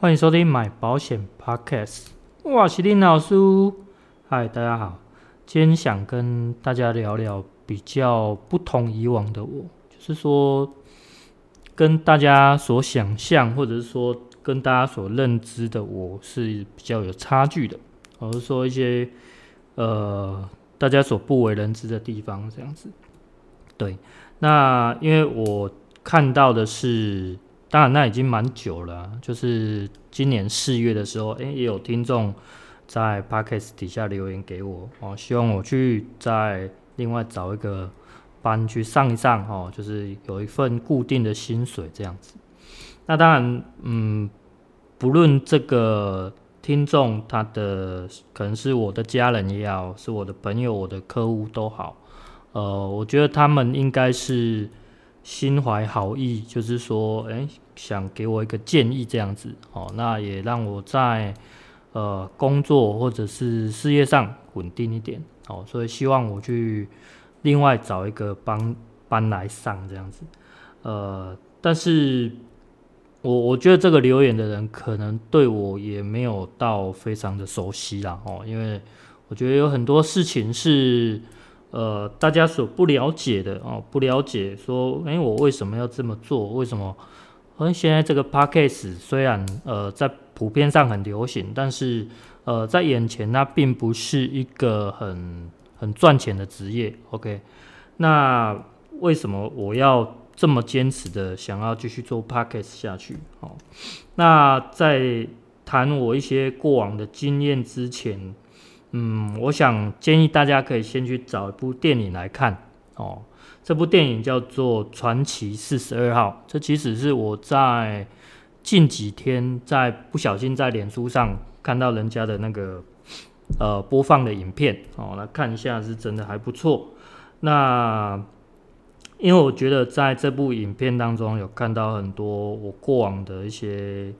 歡迎收聽買保險 Podcast，我是林老叔。嗨，大家好，今天想跟大家聊聊比較不同以往的我，就是說跟大家所想象，或者是說跟大家所認知的我是比較有差距的，或者說一些呃大家所不為人知的地方，這樣子。對，那因為我看到的是。當然，那已經蠻久了。就是今年四月的時候，欸、也有聽眾在 podcast 底下留言給我，哦，希望我去再另外找一個班去上一上，哦、就是有一份固定的薪水這樣子。那當然，嗯，不論這個聽眾他的可能是我的家人也好，是我的朋友、我的客戶都好，呃，我覺得他們應該是。心懷好意，就是說，誒，想給我一個建議這樣子，哦，那也讓我在呃工作或者是事業上穩定一點，哦，所以希望我去另外找一個班班來上這樣子，呃，但是我我覺得這個留言的人可能對我也沒有到非常的熟悉啦，哦，因為我覺得有很多事情是。呃，大家所不了解的哦，不了解說，誒、欸，我為什麼要這麼做？為什麼？嗯，現在這個 podcast 雖然呃在普遍上很流行，但是呃在眼前它並不是一個很很賺錢的職業。OK，那為什麼我要這麼堅持的想要繼續做 podcast 下去？哦，那在談我一些過往的經驗之前。嗯，我想建議大家可以先去找一部電影來看哦。這部電影叫做《傳奇四十二號》，這其實是我在近幾天在不小心在臉書上看到人家的那個呃播放的影片哦，來看一下是真的還不錯。那因為我覺得在這部影片當中有看到很多我過往的一些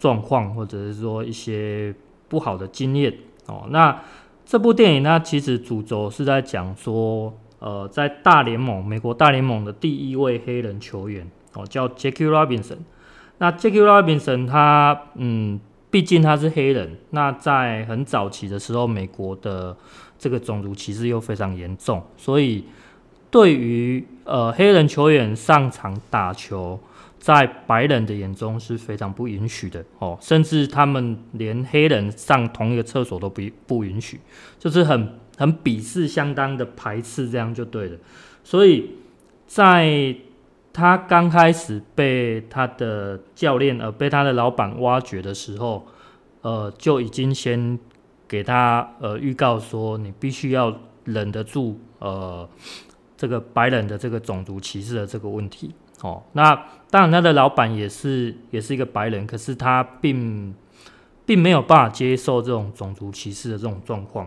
狀況，或者是說一些不好的經驗。哦，那這部電影呢，其實主軸是在講說，呃，在大聯盟，美國大聯盟的第一位黑人球員哦，叫 Jackie Robinson。那 Jackie Robinson 他，嗯，畢竟他是黑人，那在很早期的時候，美國的這個種族歧視又非常嚴重，所以對於呃黑人球員上場打球，在白人的眼中是非常不允許的哦，甚至他們連黑人上同一個廁所都不不允許，就是很很鄙視、相當的排斥，這樣就對了。所以，在他剛開始被他的教練，呃，被他的老闆挖掘的時候，呃，就已經先給他呃預告說，你必須要忍得住呃這個白人的這個種族歧視的這個問題。哦，那當然，他的老闆也是也是一個白人，可是他並並沒有辦法接受這種種族歧視的這種狀況。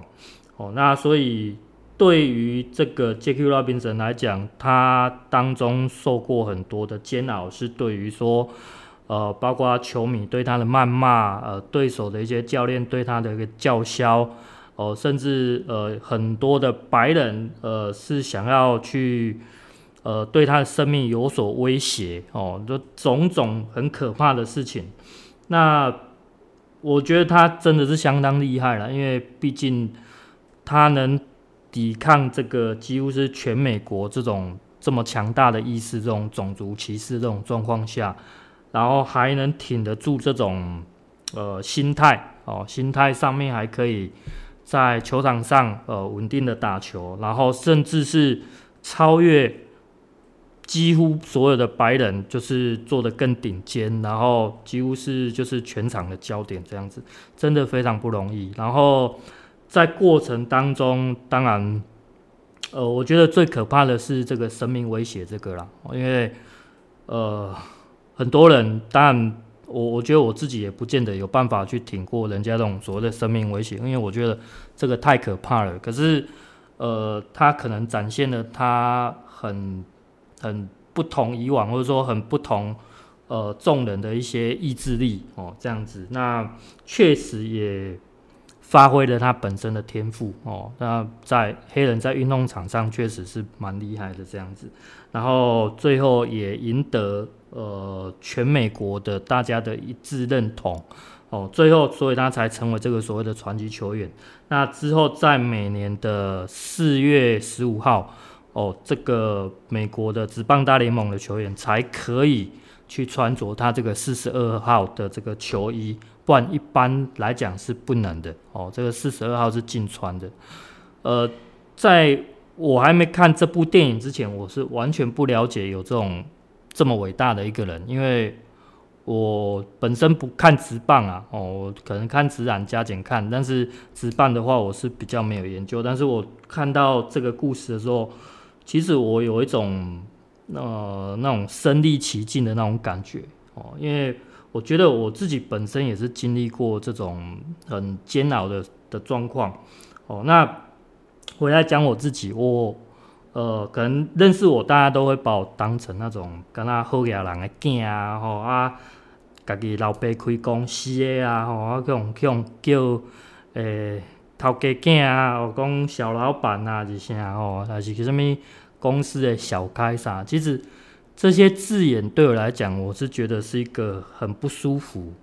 哦，那所以對於這個 Jackie Robinson 來講，他當中受過很多的煎熬，是對於說，呃，包括球迷對他的謾罵，呃，對手的一些教練對他的一個叫囂，哦、呃，甚至呃很多的白人呃是想要去。呃，對他的生命有所威脅哦，種種很可怕的事情。那我覺得他真的是相當厲害了，因為畢竟他能抵抗這個幾乎是全美國這種這麼強大的意識、這種種族歧視這種狀況下，然後還能挺得住這種呃心態哦，心態上面還可以在球場上呃穩定的打球，然後甚至是超越。幾乎所有的白人就是做的更頂尖，然後幾乎是就是全場的焦點這樣子，真的非常不容易。然後在過程當中，當然，呃，我覺得最可怕的是這個生命威脅這個啦，因為呃很多人，但我我覺得我自己也不見得有辦法去挺過人家這種所謂的生命威脅，因為我覺得這個太可怕了。可是，呃，他可能展現了他很。很不同以往，或者說很不同，呃，眾人的一些意志力哦，這樣子，那確實也發揮了他本身的天賦哦。那在黑人在運動場上確實是蠻厲害的這樣子，然後最後也贏得呃全美國的大家的一致認同哦。最後，所以他才成為這個所謂的傳奇球員。那之後，在每年的四月十五號。哦，這個美國的職棒大聯盟的球員才可以去穿着他這個四十二號的這個球衣，不然一般來講是不能的。哦，這個四十二號是禁穿的。呃，在我還沒看這部電影之前，我是完全不了解有這種這麼偉大的一個人，因為我本身不看職棒啊。哦，可能看職籃加減看，但是職棒的話，我是比較沒有研究。但是我看到這個故事的時候。其實我有一種呃、那種身歷其境的那種感覺哦，因為我覺得我自己本身也是經歷過這種很煎熬的的狀況哦。那我來講我自己，我、哦、呃，可能認識我大家都會把我當成那種跟他好人家人的囝啊吼啊，家己老爸開公司的啊吼，啊像像叫誒。叫欸頭家囝啊，哦，講小老闆啊，這些啊，哦，還是叫什麼公司的小開啥？其實這些字眼對我來講，我是覺得是一個很不舒服。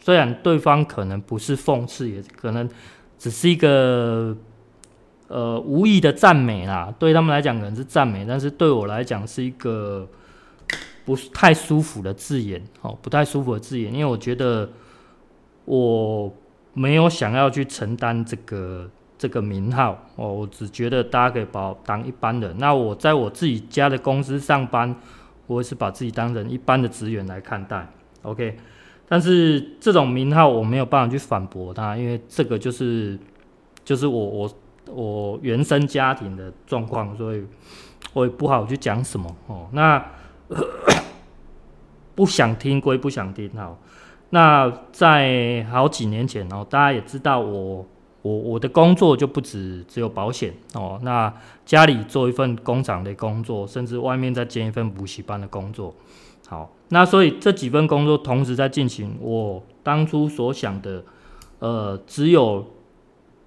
雖然對方可能不是諷刺，也可能只是一個呃無意的讚美啦。對他們來講可能是讚美，但是對我來講是一個不太舒服的字眼，哦、喔，不太舒服的字眼。因為我覺得我。沒有想要去承擔這個這個名號哦，我只覺得大家可以把我當一般人。那我在我自己家的公司上班，我也是把自己當成一般的職員來看待，OK。但是這種名號我沒有辦法去反駁他，因為這個就是就是我我我原生家庭的狀況，所以我也不好去講什麼哦。那 不想聽歸不想聽哈。好那在好幾年前，然後大家也知道我，我我我的工作就不止只有保險哦。那家裡做一份工廠的工作，甚至外面再兼一份補習班的工作。好，那所以這幾份工作同時在進行。我當初所想的，呃，只有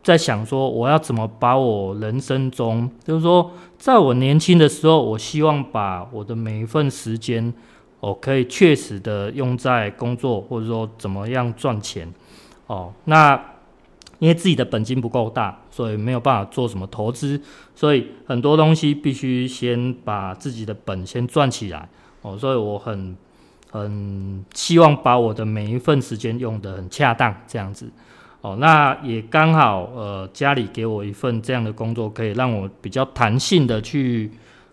在想說，我要怎麼把我人生中，就是說，在我年輕的時候，我希望把我的每一份時間。哦，可以確實的用在工作，或者說怎麼樣賺錢。哦，那因為自己的本金不夠大，所以沒有辦法做什麼投資，所以很多東西必須先把自己的本先賺起來。哦，所以我很很希望把我的每一份時間用得很恰當，這樣子。哦，那也剛好，呃，家裡給我一份這樣的工作，可以讓我比較彈性的去。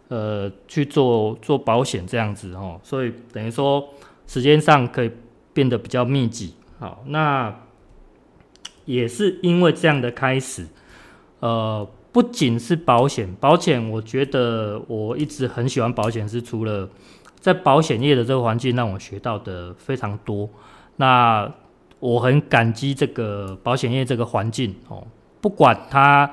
呃，去做做保險這樣子哦，所以等於說，時間上可以變得比較密集。好，那也是因為這樣的開始，呃，不僅是保險，保險我覺得我一直很喜歡保險，是除了在保險業的這個環境讓我學到的非常多。那我很感激這個保險業這個環境哦，不管它。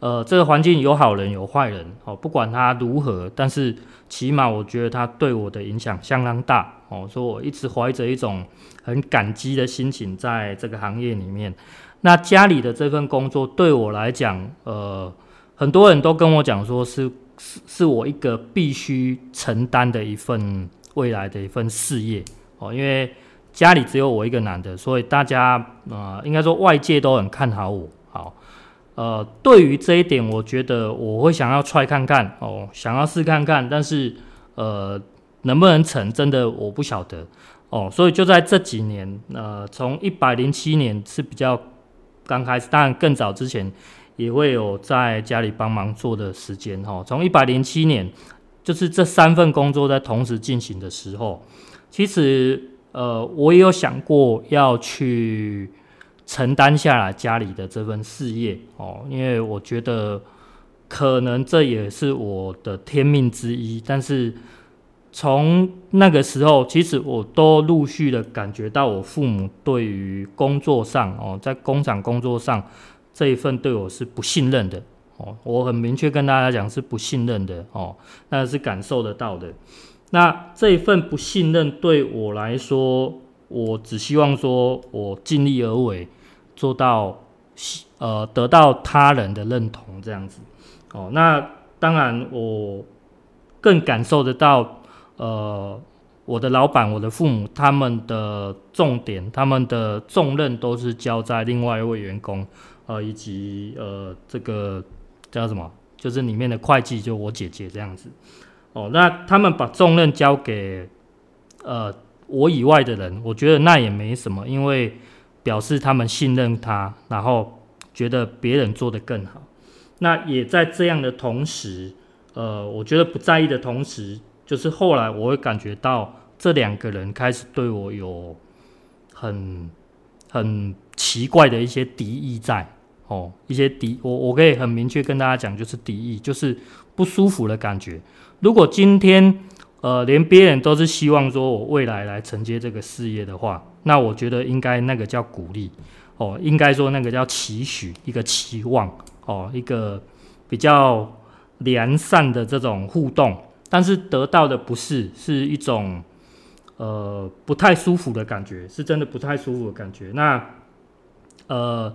呃，這個環境有好人有壞人，哦，不管他如何，但是起碼我覺得他對我的影響相當大，哦，所以我一直懷着一種很感激的心情在這個行業裡面。那家裡的這份工作對我來講，呃，很多人都跟我講說是是是我一個必須承擔的一份未來的一份事業，哦，因為家裡只有我一個男的，所以大家啊，呃，應該說外界都很看好我。呃，對於這一點，我覺得我會想要 try 看看哦，想要試看看，但是呃，能不能成，真的我不曉得哦。所以就在這幾年，呃，從一百零七年是比較剛開始，當然更早之前也會有在家裡幫忙做的時間哈、哦。從一百零七年，就是這三份工作在同時進行的時候，其實呃，我也有想過要去。承擔下來家裡的這份事業哦，因為我覺得可能這也是我的天命之一。但是從那個時候，其實我都陸續的感覺到我父母對於工作上哦，在工廠工作上這一份對我是不信任的哦。我很明確跟大家講是不信任的哦，那是感受得到的。那這一份不信任對我來說，我只希望說我盡力而為。做到，呃，得到他人的認同，這樣子，哦，那當然我更感受得到，呃，我的老闆、我的父母，他們的重點、他們的重任都是交在另外一位員工，呃，以及呃，這個叫什麼？就是裡面的會計，就我姐姐這樣子，哦，那他們把重任交給呃我以外的人，我覺得那也沒什麼，因為。表示他們信任他，然後覺得別人做得更好。那也在這樣的同時，呃，我覺得不在意的同時，就是後來我會感覺到這兩個人開始對我有很很奇怪的一些敵意在哦，一些敵我我可以很明確跟大家講，就是敵意，就是不舒服的感覺。如果今天呃，連別人都是希望說我未來來承接這個事業的話。那我覺得應該那個叫鼓勵，哦，應該說那個叫期許，一個期望，哦，一個比較良善的這種互動，但是得到的不是，是一種，呃，不太舒服的感覺，是真的不太舒服的感覺。那，呃，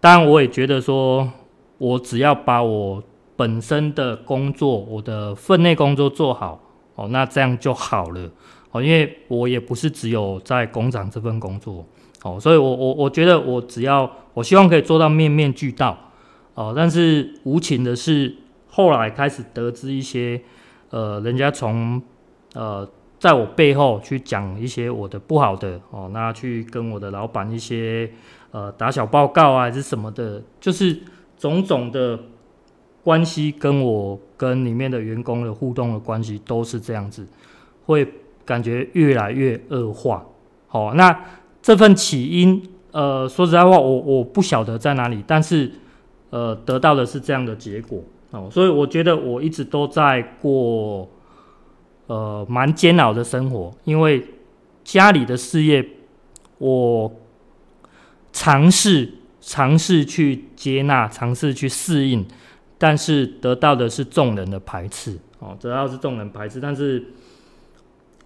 當然我也覺得說，我只要把我本身的工作，我的分內工作做好，哦，那這樣就好了。哦，因為我也不是只有在工廠這份工作，哦，所以我我我覺得我只要我希望可以做到面面俱到，哦，但是無情的是後來開始得知一些，呃，人家從呃在我背後去講一些我的不好的，哦，那去跟我的老板一些呃打小報告啊，還是什麼的，就是種種的關係跟我跟裡面的員工的互動的關係都是這樣子，會。感覺越來越惡化，好、哦，那這份起因，呃，說實在話，我我不曉得在哪裡，但是，呃，得到的是這樣的結果，哦，所以我覺得我一直都在過，呃，蠻煎熬的生活，因為家裡的事業，我嘗試嘗試去接納，嘗試去適應，但是得到的是眾人的排斥，哦，得到的是眾人排斥，但是。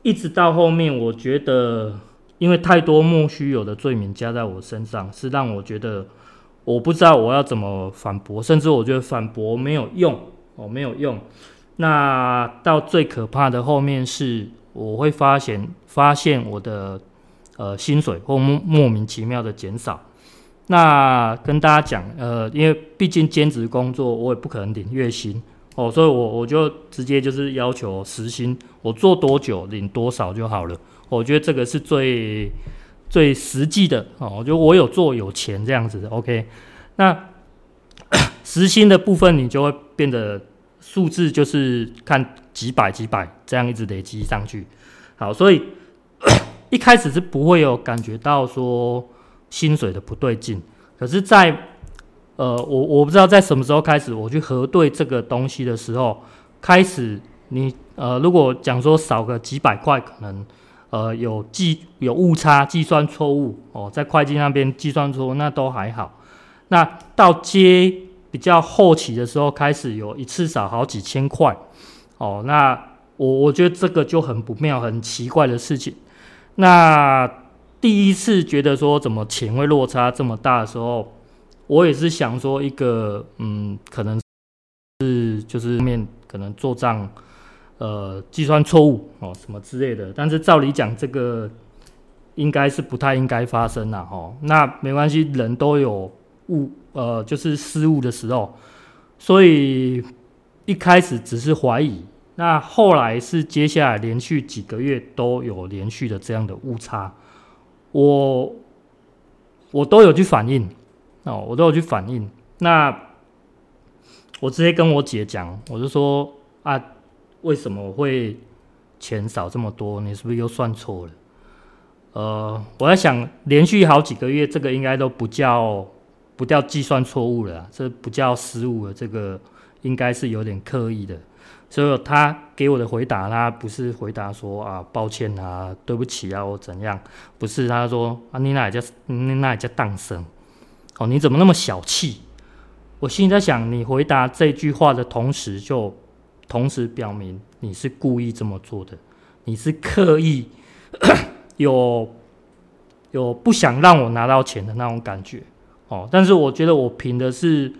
一直到後面，我覺得，因為太多莫須有的罪名加在我身上，是讓我覺得，我不知道我要怎麼反駁，甚至我覺得反駁沒有用，哦，沒有用。那到最可怕的後面是，我會發現，發現我的呃薪水會莫，莫名其妙的減少。那跟大家講，呃，因為畢竟兼職工作，我也不可能領月薪。哦，所以我，我我就直接就是要求時薪，我做多久領多少就好了。我覺得這個是最最實際的哦。我覺得我有做有錢這樣子的。OK，那時薪 的部分，你就會變得數字就是看幾百幾百這樣一直累積上去。好，所以 一開始是不會有感覺到說薪水的不對勁，可是，在呃，我我不知道在什麼時候開始，我去核對這個東西的時候，開始你呃，如果講說少個幾百塊，可能呃有計有誤差、計算錯誤哦，在會計那邊計算錯誤那都還好，那到接比較後期的時候，開始有一次少好幾千塊哦，那我我覺得這個就很不妙、很奇怪的事情。那第一次覺得說怎麼錢會落差這麼大的時候。我也是想說，一個嗯，可能是就是面可能做賬，呃，計算錯誤哦，什麼之類的。但是照理講，這個應該是不太應該發生啦。哦，那沒關係，人都有誤，呃，就是失誤的時候。所以一開始只是懷疑，那後來是接下來連續幾個月都有連續的這樣的誤差，我我都有去反映。哦，我都有去反映。那我直接跟我姐講，我就說啊，為什麼我會錢少這麼多？你是不是又算錯了？呃，我在想，連續好幾個月，這個應該都不叫不叫計算錯誤了，這不叫失誤了。這個應該是有點刻意的。所以他給我的回答，他不是回答說啊，抱歉啊，對不起啊，我怎樣？不是，他說啊，你那也叫你那也叫蕩生。哦，你怎麼那麼小氣？我心裡在想，你回答這句話的同時，就同時表明你是故意這麼做的，你是刻意有有不想讓我拿到錢的那種感覺。哦，但是我覺得我憑的是，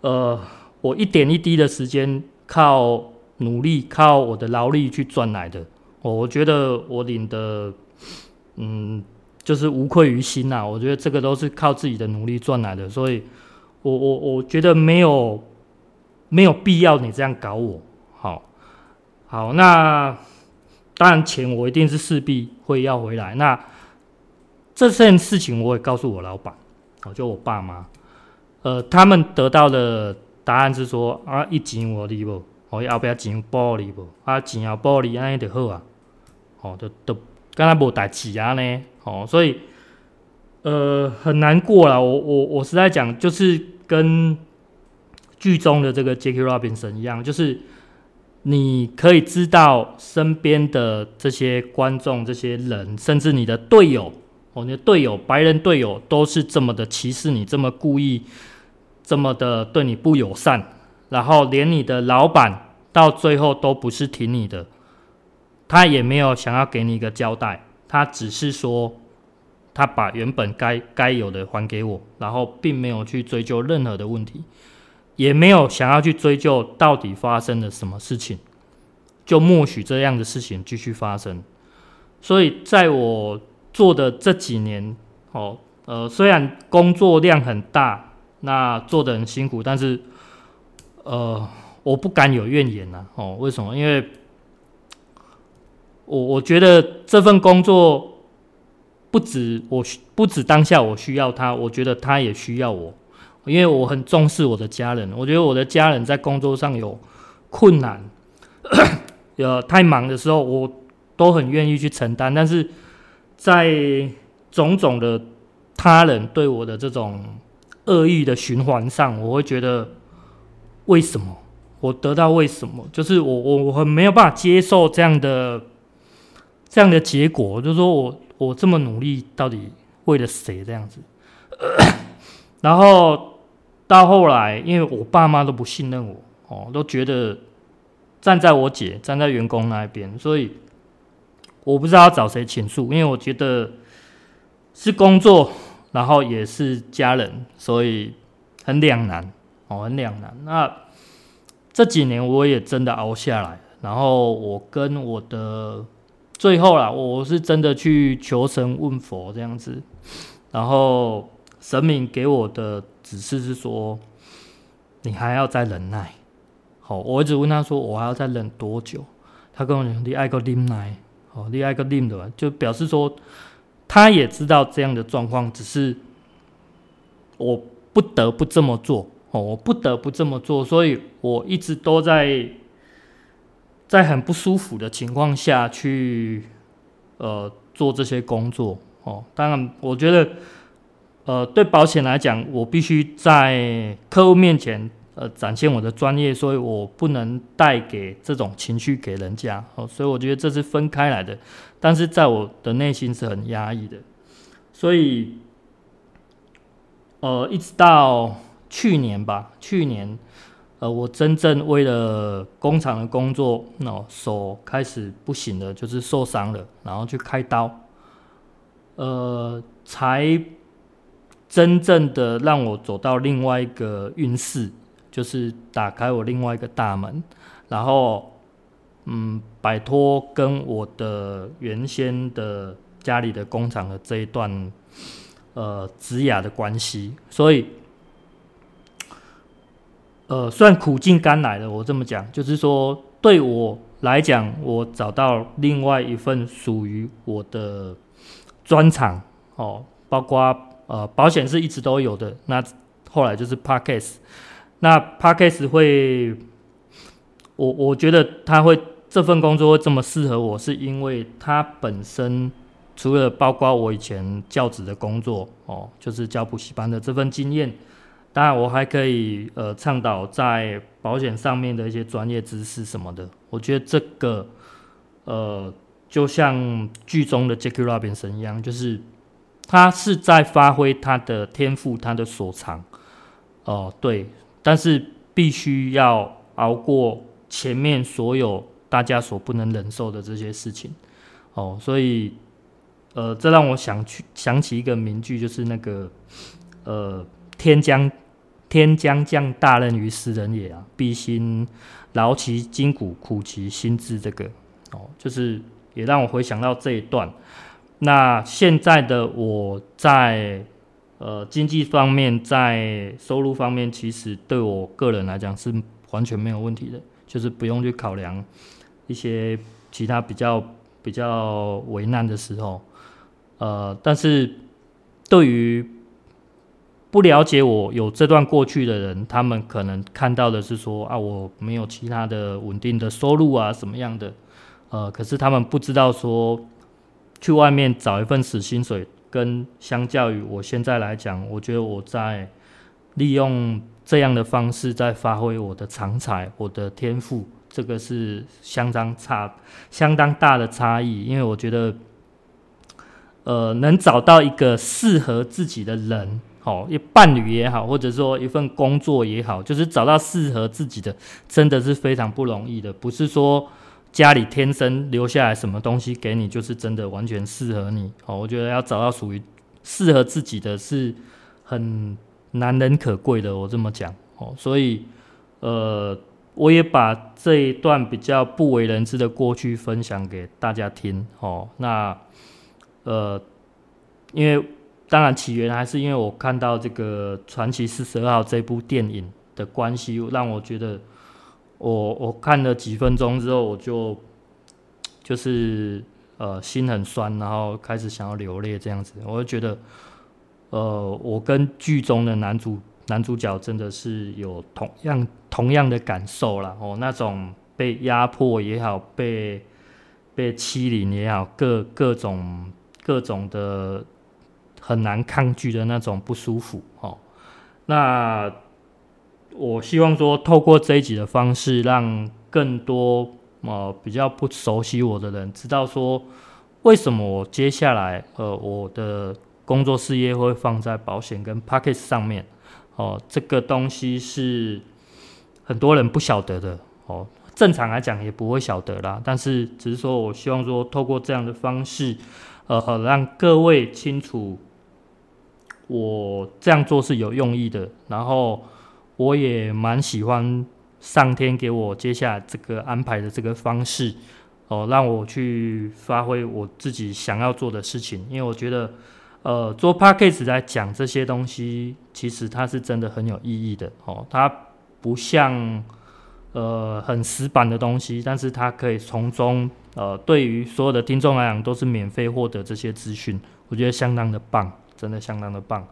呃，我一點一滴的時間，靠努力，靠我的勞力去賺來的。哦，我覺得我領的，嗯。就是無愧於心吶、啊，我覺得這個都是靠自己的努力賺來的，所以我，我我我覺得沒有沒有必要你這樣搞我，好好，那當然錢我一定是勢必會要回來。那這件事情我也告訴我老板，好就我爸媽，呃，他們得到的答案是說啊，錢我離不，我要不要錢玻璃不？啊，錢好玻璃安尼就好啊，哦，都都敢若無代誌啊呢。哦，所以，呃，很難過啦，我我我實在講，就是跟劇中的這個 Jackie Robinson 一樣，就是你可以知道身邊的這些觀眾、這些人，甚至你的隊友，哦，你的隊友，白人隊友都是這麼的歧視你，這麼故意，這麼的對你不友善，然後連你的老闆到最後都不是挺你的，他也沒有想要給你一個交代。他只是說，他把原本該該有的還給我，然後並沒有去追究任何的問題，也沒有想要去追究到底發生了什麼事情，就默許這樣的事情繼續發生。所以，在我做的這幾年，哦，呃，雖然工作量很大，那做得很辛苦，但是，呃，我不敢有怨言吶，啊，哦，為什麼？因為我我覺得這份工作不止我需，不止當下我需要他，我覺得他也需要我，因為我很重視我的家人。我覺得我的家人在工作上有困難， 有、太忙的時候，我都很願意去承擔。但是在種種的他人對我的這種惡意的循環上，我會覺得，為什麼我得到為什麼？就是我我很沒有辦法接受這樣的。這樣的結果，就是說我我這麼努力，到底為了誰這樣子？ 然後到後來，因為我爸媽都不信任我，哦，都覺得站在我姐、站在員工那一邊，所以我不知道找誰傾訴，因為我覺得是工作，然後也是家人，所以很兩難，哦，很兩難。那這幾年我也真的熬下來，然後我跟我的。最後啦，我是真的去求神問佛這樣子，然後神明給我的指示是說，你還要再忍耐。好、哦，我一直問他說，我還要再忍多久？他跟我說，你愛個忍耐，好、哦，你愛個忍的，就表示說，他也知道這樣的狀況，只是我不得不這麼做，哦，我不得不這麼做，所以我一直都在。在很不舒服的情況下去，呃，做這些工作哦。當然，我覺得，呃，對保險來講，我必須在客戶面前，呃，展現我的專業，所以我不能帶給這種情緒給人家。哦，所以我覺得這是分開來的，但是在我的內心是很壓抑的。所以，呃，一直到去年吧，去年。呃，我真正為了工廠的工作，那手開始不行了，就是受傷了，然後去開刀，呃，才真正的讓我走到另外一個運勢，就是打開我另外一個大門，然後，嗯，擺脫跟我的原先的家裡的工廠的這一段，呃，職涯的關係，所以。呃，算苦盡甘來了。我這麼講，就是說，對我來講，我找到另外一份屬於我的專長哦，包括呃，保險是一直都有的。那後來就是 Podcast，那 Podcast 會，我我覺得他會這份工作會這麼適合我，是因為它本身除了包括我以前教職的工作哦，就是教補習班的這份經驗。當然，我還可以呃倡導在保險上面的一些專業知識什麼的。我覺得這個呃，就像劇中的 Jackie Robinson 一樣，就是他是在發揮他的天賦，他的所長。哦、呃，對，但是必須要熬過前面所有大家所不能忍受的這些事情。哦、呃，所以呃，這讓我想去想起一個名句，就是那個呃，天將。天將降大任於斯人也啊，必先勞其筋骨，苦其心志。這個哦，就是也讓我回想到這一段。那現在的我在呃經濟方面，在收入方面，其實對我個人來講是完全沒有問題的，就是不用去考量一些其他比較比較為難的時候。呃，但是對於不了解我有這段過去的人，他們可能看到的是說啊，我沒有其他的穩定的收入啊，什麼樣的？呃，可是他們不知道說，去外面找一份死薪水，跟相較於我現在來講，我覺得我在利用這樣的方式在發揮我的長才、我的天賦，這個是相當差，相當大的差異。因為我覺得，呃，能找到一個適合自己的人。好、哦，一伴侶也好，或者說一份工作也好，就是找到適合自己的，真的是非常不容易的。不是說家裡天生留下來什麼東西給你，就是真的完全適合你。哦，我覺得要找到屬於適合自己的，是很難能可貴的。我這麼講，哦，所以呃，我也把這一段比較不為人知的過去分享給大家聽。哦，那呃，因為。當然，起源還是因為我看到這個《傳奇四十二號》這部電影的關係，讓我覺得我，我我看了幾分鐘之後，我就就是呃心很酸，然後開始想要流淚這樣子。我就覺得，呃，我跟劇中的男主男主角真的是有同樣同樣的感受啦。哦，那種被壓迫也好，被被欺凌也好，各各種各種的。很難抗拒的那種不舒服哦。那我希望說，透過這一集的方式，讓更多呃比較不熟悉我的人知道說，為什麼我接下來呃我的工作事業會放在保險跟 podcast 上面哦。這個東西是很多人不曉得的哦。正常來講也不會曉得啦。但是只是說我希望說，透過這樣的方式，呃，讓各位清楚。我這樣做是有用意的，然後我也蠻喜歡上天給我接下來這個安排的這個方式，哦、呃，讓我去發揮我自己想要做的事情。因為我覺得，呃，做 podcast 來講這些東西，其實它是真的很有意義的。哦、呃，它不像呃很死板的東西，但是它可以從中，呃，對於所有的聽眾來講都是免費獲得這些資訊，我覺得相當的棒。真的相當的棒，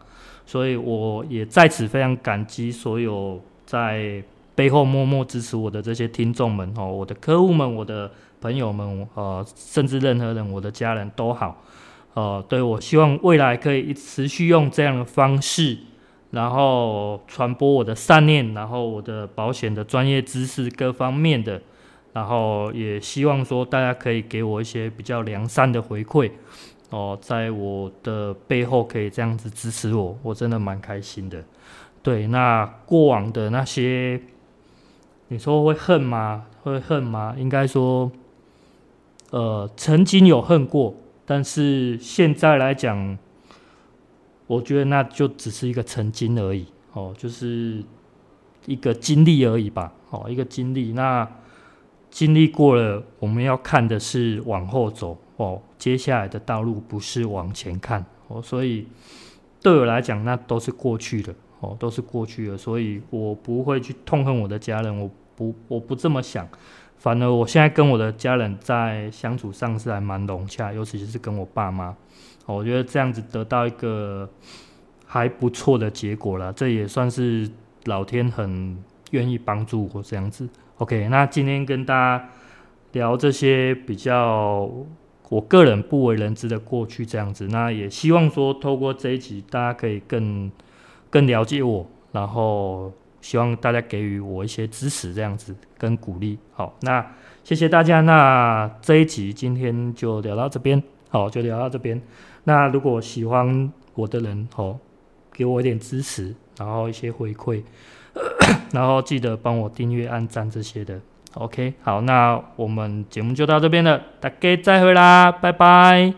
所以我也在此非常感激所有在背後默默支持我的這些聽眾們哦，我的客戶們，我的朋友們，呃，甚至任何人，我的家人都好，呃，對，我希望未來可以持續用這樣的方式，然後傳播我的善念，然後我的保險的專業知識各方面的，然後也希望說大家可以給我一些比較良善的回饋。哦，在我的背後可以這樣子支持我，我真的蠻開心的。對，那過往的那些，你說會恨嗎？會恨嗎？應該說，呃，曾經有恨過，但是現在來講，我覺得那就只是一個曾經而已。哦，就是一個經歷而已吧。哦，一個經歷。那經歷過了，我們要看的是往後走。哦。接下來的道路，不是往前看哦，所以對我來講，那都是過去的哦，都是過去的，所以我不會去痛恨我的家人，我不，我不這麼想。反而我現在跟我的家人在相處上是還蠻融洽，尤其是跟我爸媽，我覺得這樣子得到一個還不錯的結果了，這也算是老天很願意幫助我這樣子。OK，那今天跟大家聊這些比較。我個人不為人知的過去這樣子，那也希望說透過這一集，大家可以更更了解我，然後希望大家給予我一些支持這樣子跟鼓勵。好，那謝謝大家。那這一集今天就聊到這邊，好，就聊到這邊。那如果喜歡我的人，好、喔，給我一點支持，然後一些回饋， 然後記得幫我訂閱、按讚這些的。OK，好，那我們節目就到這邊了，大家再會啦，拜拜。